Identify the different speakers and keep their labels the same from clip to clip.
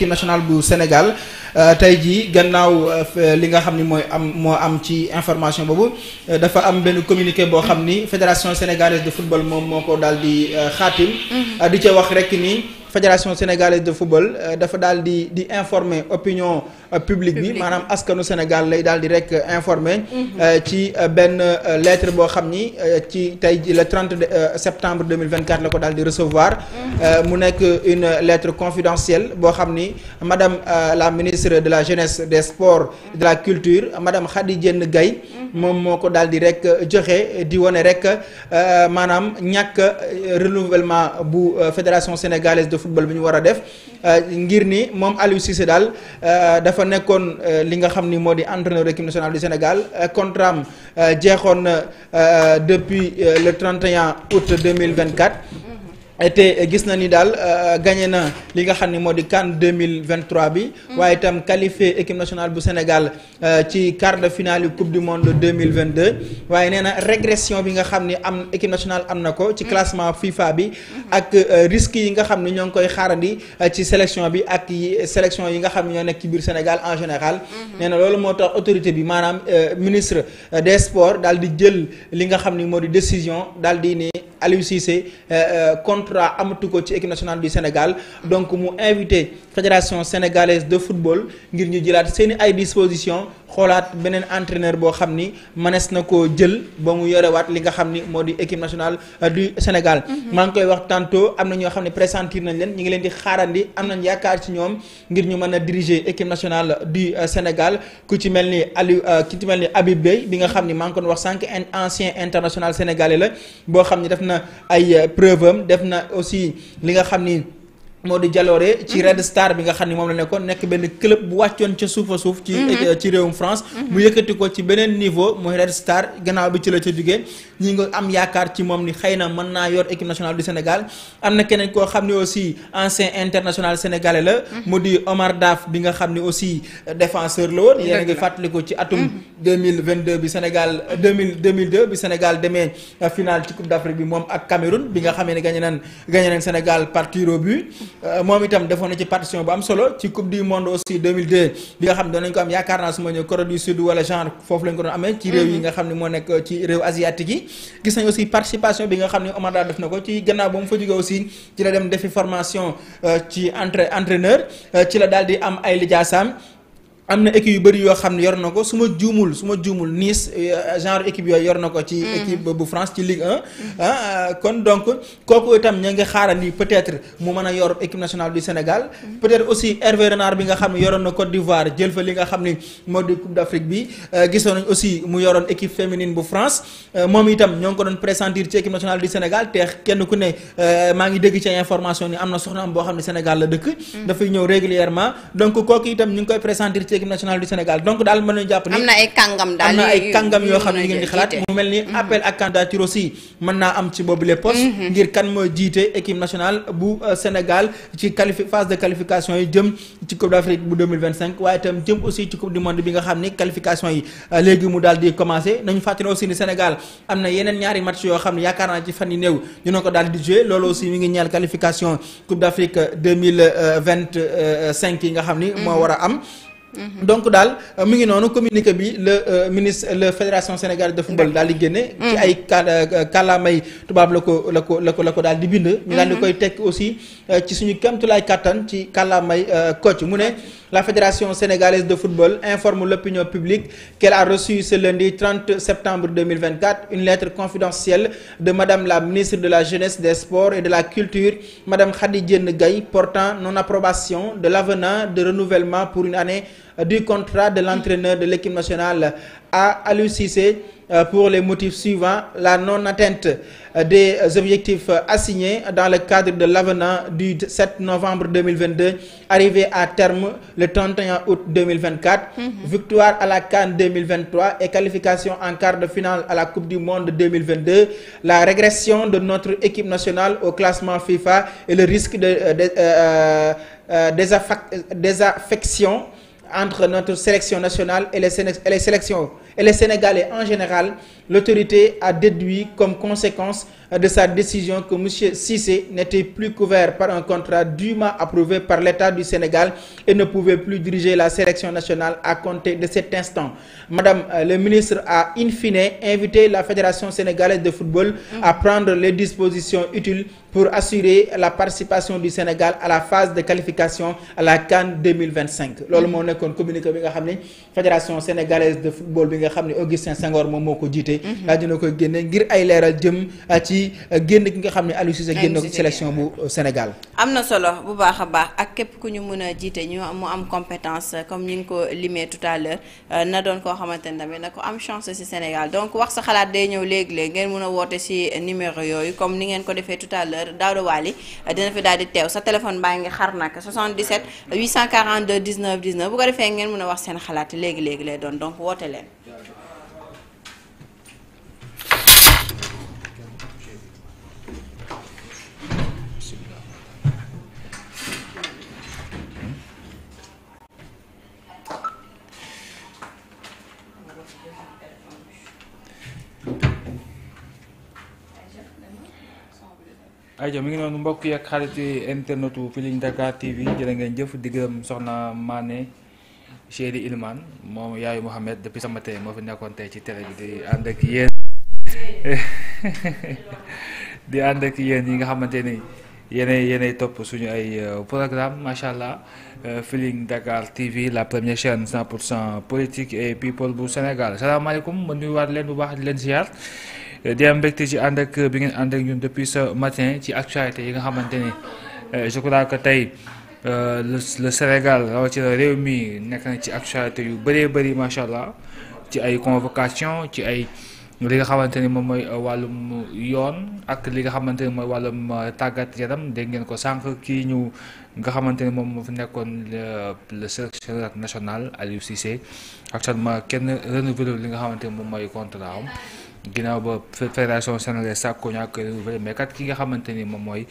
Speaker 1: ci nationale bu Sénégal euh, tey jii gannaaw euh, li nga xam ni mooy am moo am ci information boobu euh, dafa am benn communiqué boo xam ni fédération sénégalaise de football moom moo ko daal di xaatim mm-hmm. di ca wax rek ni fédération sénégalaise de football dafa daal di di informer opinion. Euh, public bi maanaam askanu Sénégal lay daal di rek euh, informé. Mhm. Euh, ci benn lettre boo xam ni ci tey ji le 30 septembre 2024 la ko daal di recevoir. Mhm. mu nekk une lettre confidentielle boo xam ni madame la ministre de la jeunesse des sports de la culture madame Khady Diène Gaye mhm. moom moo ko daal di rek joxe di wone rek maanaam ñàkk renouvellement bu fédération sénégalaise de football bi ñu war a def ngir ni moom Aliou Cissé daal dafa. dafa nekkoon euh, li nga xam ni moo di entraîneur équipe nationale du Sénégal euh, contrat am euh, jeexoon na depuis le 31 août 2024. te gis na ni daal euh, gagné na li nga xam ne moo di CAN 2023 bi. Mm. waaye itam qualifié équipe nationale bu Sénégal euh, ci quart de finale yu coupe du monde 2022. waaye nee na régression bi nga xam ni am équipe nationale am na ko. ci mm. classement FIFA bi. Mm-hmm. ak euh, risques yi nga xam ne ñoo ngi koy xaarandi ci sélection bi ak sélection yi nga xam ne ñoo nekk ci biir Sénégal en général. Mm-hmm. nee na loolu moo tax autorité bi maanaam ministre des sports daal di jël li nga xam ni moo di décision daal di ne. Aliou Cissé euh, euh, contrat amatu ko ci équipe nationale du Sénégal donc mu invité fédération sénégalaise de football ngir ñu jëlaat seeni ay dispositions. xoolaat beneen entraîneur boo xam ni mënees na ko jël ba mu yore waat li nga xam ni moo di équipe nationale euh, du Sénégal. Mhm. maa ngi koy wax tantôt am na ñoo xam ne pressentir nañ leen ñu ngi leen di xaarandi am nañ yaakaar ci ñoom ngir ñu mën a diriger équipe nationale du euh, Sénégal ku ci mel ni Aliou euh, ku ci mel ni Habib Beye bi nga xam ni maa ngi koon wax cinq ancien international sénégalais la boo xam ni def na ay preuve def na aussi li nga xam ni. moo di jaloore ci mhm. Red Star bi nga xam ni moom la nekkoon nekk benn club bu wàccoon ca suufa suuf ci mhm. eh, ci réewum France mhm. mu yëkkati ko ci beneen niveau muy Red Star gannaaw bi ci la ca jugee ñi nga am yaakaar ci moom ni xëy na mën naa yor équipe nationale du Sénégal am na keneen koo xam ne aussi ancien international sénégalais la mu di Omar Daf bi nga xam ne aussi euh, défenseur la woon yéena ngi ko ci atum deux bi Sénégal 2000 2002 bi Sénégal demee euh, finale ci Coupe d'Afrique bi moom ak Cameroun bi nga xamee ne gagné nañ gagné nañ Sénégal par tir Euh, moom itam defoon na ci partition bu am solo ci coupe du monde aussi 2002 bi nga xam ne doon nañ ko am yaakaar naa su ma ñëw Corée du Sud wala genre foofu lañ ko doon amee ci réew yi mhm. nga xam ne moo nekk euh, ci réew asiatique yi gis nañ aussi participation bi nga xam ne Omar Daal def na ko ci gannaaw ba mu fa jógee aussi ci la dem defi formation euh, ci entre entraîneur ci la daal di am ay lijaasaam am na équipe yu bëri yoo xam ne yor na ko su ma juumul su ma juumul Nice euh, genre équipe yooyu yor na ko ci mm. équipe bu France ci Ligue 1 ah, ah kon donc kooku itam ña ngi xaarandi peut a yor équipe nationale du Sénégal mm. peut-être aussi Hervé Renard bi nga xam ne yoroon na Côte d'Ivoire jël fa li nga xam ne moo di Coupe d'Afrique bi euh, mu yoroon équipe féminine bu France euh, moom itam ñoo ngi ko doon pressentir ci équipe nationale du Sénégal te kenn ku ne maa ngi dégg ci information ni am na soxnaam boo xam ne Sénégal la dëkk mm. dafay ñëw régulièrement donc kooku itam ñu ngi koy pressentir ci équipe nationale du Sénégal donc daal mën nañu jàpp ni am na ay kàngam daal am yoo xam ne ñu di xalaat mu mel ni mhm. appel ak candidature aussi mën naa am ci boobu les postes mhm. ngir kan moo jiite équipe nationale bu euh, Sénégal ci qualifi phase qualification yi jëm ci Coupe d'Afrique bu 2025 waaye tam jëm aussi ci Coupe du monde bi nga xam ni qualification yi euh, léegi mu daal di commencé nañu fàttali aussi ni Sénégal am na yeneen ñaari match yoo xam ne yaakaar naa ci fan yi néew dina ko daal di joué loolu aussi mi ngi ñeel qualification Coupe d'Afrique 2025 euh, yi nga xam ni mhm. moo war a am Mm-hmm. donc daal euh, mi ngi noonu communiqué bi le euh, ministre le fédération sénégalaise de football daal di génne. Mm-hmm. ci ay euh, kàllaamay tubaab la ko la ko la ko la daal di bind. ñu daal di mm-hmm. koy tekk aussi ci suñu kéemtulaay kàttan ci kàllaamay coach mu ne la fédération sénégalaise de football informe l'opinion publique qu'elle a reçu ce lundi 30 septembre 2024 une lettre confidentielle de madame la ministre de la jeunesse des sports et de la culture madame Khady Diène Gaye portant non approbation de l'avenant de renouvellement pour une du contrat de l'entraîneur de l'équipe nationale à Aliou Cissé euh, pour les motifs suivants la non-atteinte euh, des objectifs assignés dans le cadre de l'avenant du 7 novembre 2022 arrivé à terme le 31 août 2024 mm -hmm. victoire à la CAN 2023 et qualification en quart de finale à la Coupe du monde 2022 la régression de notre équipe nationale au classement FIFA et le risque de, de, euh, de euh, entre notre sélection nationale et les, et les sélections et les Sénégalais en général, l'autorité a déduit comme conséquence de sa décision que M. Sissé n'était plus couvert par un contrat dûment approuvé par l'État du Sénégal et ne pouvait plus diriger la sélection nationale à compter de cet instant. Madame euh, le ministre a in fine la Fédération sénégalaise de football mm. à prendre les dispositions utiles pour assurer la participation du Sénégal à la phase de qualification à la CAN 2025. loolu mm. moo nekkoon communiqué bi nga xam ne Fédération sénégalaise de football nga xam ne Augustin Senghor moom moo ko jiite mhm. dina koy génne ngir ay leeral jëm ah, ci ah, génn ki nga xam ne Aliou Cissé génn ko sélection bu Sénégal am na solo bu baax a baax ak képp ku ñu mën a jiite ñu mu am compétence comme ñu ngi ko limee tout à euh, na doon koo xamante ne tamit na ko am chance ci Sénégal donc wax sa xalaat day ñëw léegi-léegi ngeen mun a woote ci numéro yooyu comme ni ngeen ko defee tout à l'heure Daouda Wali euh, dina fi daal di teew sa téléphone baa ngi xar nag 77 842 19 19 bu ko defee ngeen mën a wax xalaat léegi-léegi lay doon
Speaker 2: ayja mi ngi noonu mbokk yi ak xarit internetu Feeling Dakar TV jërë ngeen jëf diggam soxna Mané Chéri Ilman moom yaayu Mouhamed depuis sama tey moo fi nekkoon tey ci télé di ànd ak di ànd ak yi nga xamante ni yéenay yéenay topp suñu ay euh, programme macha allah euh, Feeling Dakar TV la première chaîne 100 pour cent politique et people bu Sénégal salaamaaleykum ma nuyuwaat leen bu baax di leen ziar euh, di am mbégte ci ànd ak bi ngeen ànd ñun depuis ce matin ci actualité yi nga xamante ni je crois que tey. Euh, le le Sénégal rawatina réew mi nekk na ci actualité yu bëree bëri macha allah ci ay convocation ci ay li nga xamante ni moom mooy wàllum yoon ak li nga xamante ni mooy wàllum tàggat yaram dégg ngeen ko sànq kii ñëw nga xamante ni moom moo fi nekkoon le sélectionneur national Aliou Cissé actuellement kenn renouvelé li nga xamante ni moom mooy contrat am ginnaaw ba fédération sénégalaise sàkko ñu ak renouvelé mais kat ki nga xamante ni moom mooy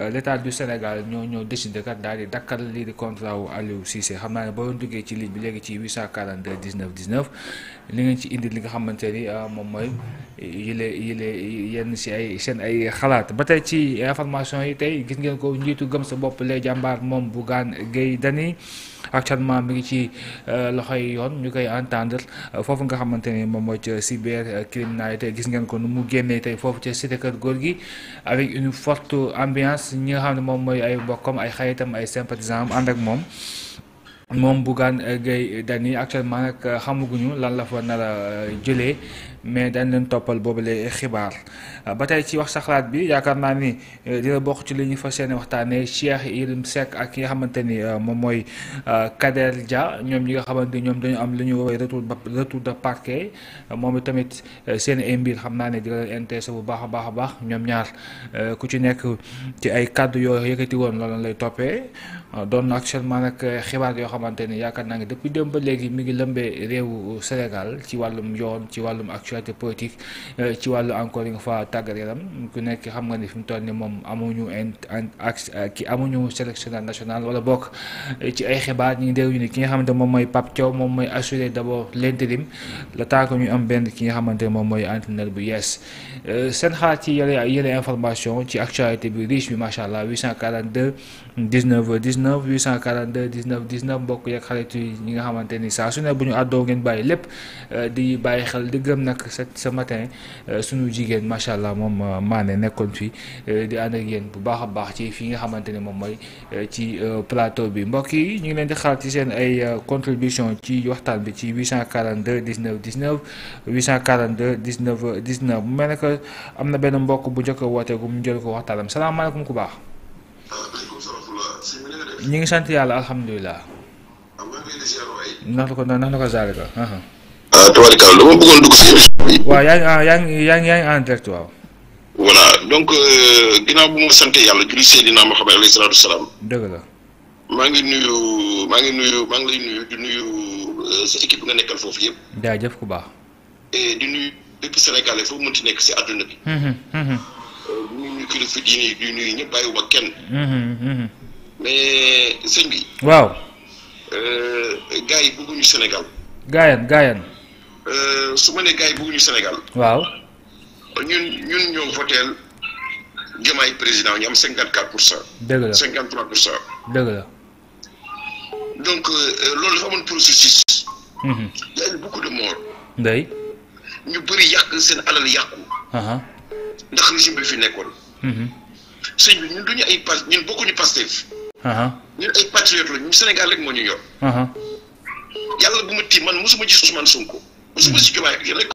Speaker 2: euh, l' du Sénégal ñoo ñoo décidé kat daal di dakkal lii di contrat wu Aliou Cissé xam naa ne boo doon duggee ci ligne bi léegi ci 842 19 19. li ngeen ci indi li nga xamante ni euh, moom mooy yile yile yenn si ay seen ay xalaat ba tey ci information yi tey gis ngeen ko njiitu gëm sa bopp lee jàmbaar moom bu Bougane Gueye Dany actuellement mi ngi ci euh, loxo yi yoon ñu koy entendre euh, foofu nga xamante ni moom mooy ca cyber criminalité gis ngeen ko nu mu génnee tey foofu ca cité kër góor gi avec une forte ambiance ñi nga xam ne moom mooy ay mbokkam ay xaritam ay sympathisants am ànd ak moom moom Bougane euh, Gueye Dany actuellement nag euh, xamaguñu lan la fa nar a euh, jëlee mais dañ leen toppal boobu boobule xibaar ba tey ci wax sa xalaat bi yaakaar naa ni eh, dina bokk ci li fa fas yéene waxtaanee Cheikh Yérim Seck ak ki nga xamante ni eh, moom mooy eh, Kader Dia ñoom ñi nga xamante ni ñoom dañu am lu ñu woowee ba retour de parquet moom tamit seen ay mbir xam naa ni dina leen intéressé bu baax a baax a baax ñoom ñaar ku ci nekk ci ay kàddu yoo yëkkati woon loolu lay toppee doon na actuellement nag xibaar yoo xamante ni yaakaar naa ne depuis démb ba léegi mi ngi lëmbee réewu Sénégal ci wàllum yoon ci wàllum action. actualité politique euh, ci wàllu encore une fois tàggat yaram ku nekk xam nga ni fi mu toll ni moom amuñu in euh, ki amuñu sélectionneur national wala bokk euh, ci ay xibaar ñu nga xamante moom mooy Pape bu yees seen xalaat ci yële yële information ci actualité bi riche bi macha allah 842 19 19 842 ñi nga xamante ni saa su ne bu ñu àddoo ngeen bàyyi lépp di bàyyi xel di gëm nag sànq ce matin euh, suñu jigéen macha allah moom euh, maane nekkoon fi euh, di ànd ak bu baax a baax ci fi nga xamante ne moom mooy ci plateau bi mbokk yi ñu ngi leen di xaar ci seen ay contribution ci waxtaan bi ci 842 19 19 842 19 19 mu mel ne que am na benn mbokk bu njëkk a woote mu jël ko waxtaanam salaamaaleykum ku baax. ñu ngi sant yàlla alhamdulilah. ndax na ko ndax na ko zaalika. ah tubaarkalla dama bëggoon dugg si émission waaw ah, yaa ngi yaa ngi yaa ngi yaa waaw. voilà
Speaker 1: donc euh, ginnaaw bu ma sant yàlla julli Seydina Muhammad alayhi salaatu salaam. dëgg la. maa ngi nuyu maa ngi nuyu maa ngi lay nuyu di nuyu euh, sa équipe bi foofu yëpp.
Speaker 2: jaajëf ku baax.
Speaker 1: di nuyu bépp Sénégalais foofu mënti nekk si àdduna bi.
Speaker 2: Euh,
Speaker 1: di nuyu kilifa diine yi di nuyu ñëpp bàyyiwuma kenn. mais sëñ bi.
Speaker 2: waaw. gars yi bëgguñu Sénégal. gaayan gaayan. Euh, su ma ne gars yi bëgguñu Sénégal. waaw ñun ñun ñoo voteel Diomaye
Speaker 1: président ñu am cinquante quatre pour cent. dëgg la cinquante donc euh, euh, loolu dafa amoon processus. Mhm. y a eu beaucoup de morts.
Speaker 2: ndey. ñu bëri yàq seen alal yàqu. ndax régime bi fi nekkoon. Mhm. sëñ bi ñun duñu ay pas ñun bokkuñu Pastef. ñun ay patriote la ñun Sénégal rek moo ñu yor. yàlla bu ma tiim man mosuma gis Ousmane Sonko. Ousmane Sy Diomaye ak yéen rek.